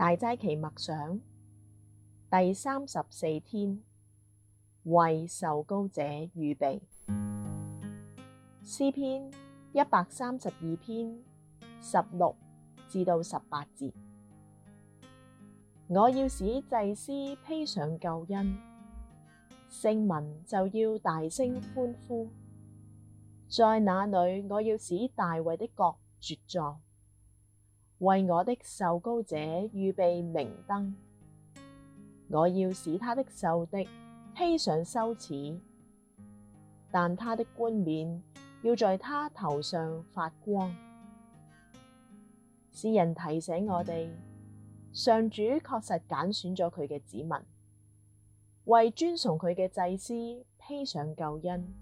大齋期默想第三十四天，為受膏者預備。詩篇一百三十二篇十六至到十八節。我要使祭司披上救恩，聖民就要大聲歡呼。在那裏，我要使大衛的角茁壯。為我的受膏者預備明燈，我要使他的仇敵披上羞恥，但他的冠冕要在他頭上發光。詩人提醒我哋，上主確實揀選咗佢嘅子民，為尊崇佢嘅祭司披上救恩，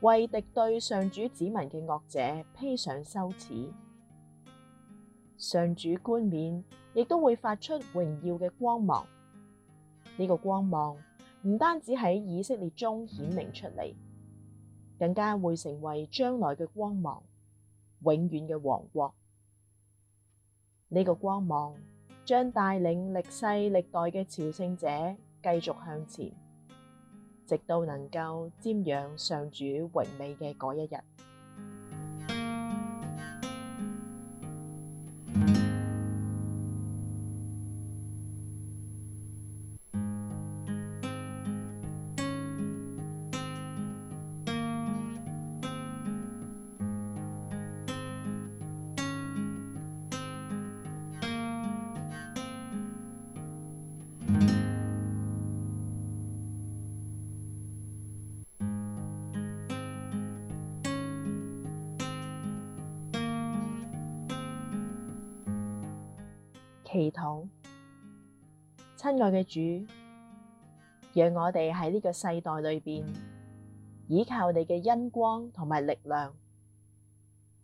為敵對上主子民嘅惡者披上羞恥。上主冠冕亦都會發出榮耀嘅光芒，呢個光芒唔單止喺以色列中顯明出嚟，更加會成為將來嘅光芒，永遠嘅王國。呢個光芒將帶領歷世歷代嘅朝聖者繼續向前，直到能夠瞻仰上主榮美嘅嗰一日。祈禱，親愛嘅主，讓我哋喺呢個世代裏邊，倚靠你嘅恩光同埋力量，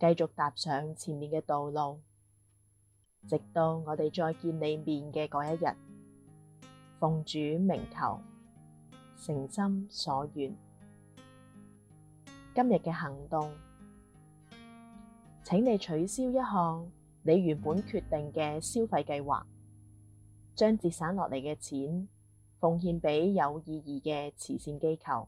繼續踏上前面嘅道路，直到我哋再見你面嘅嗰一日。奉主名求，誠心所願。今日嘅行動，請你取消一項。你原本決定嘅消費計劃，將節省落嚟嘅錢，奉獻俾有意義嘅慈善機構。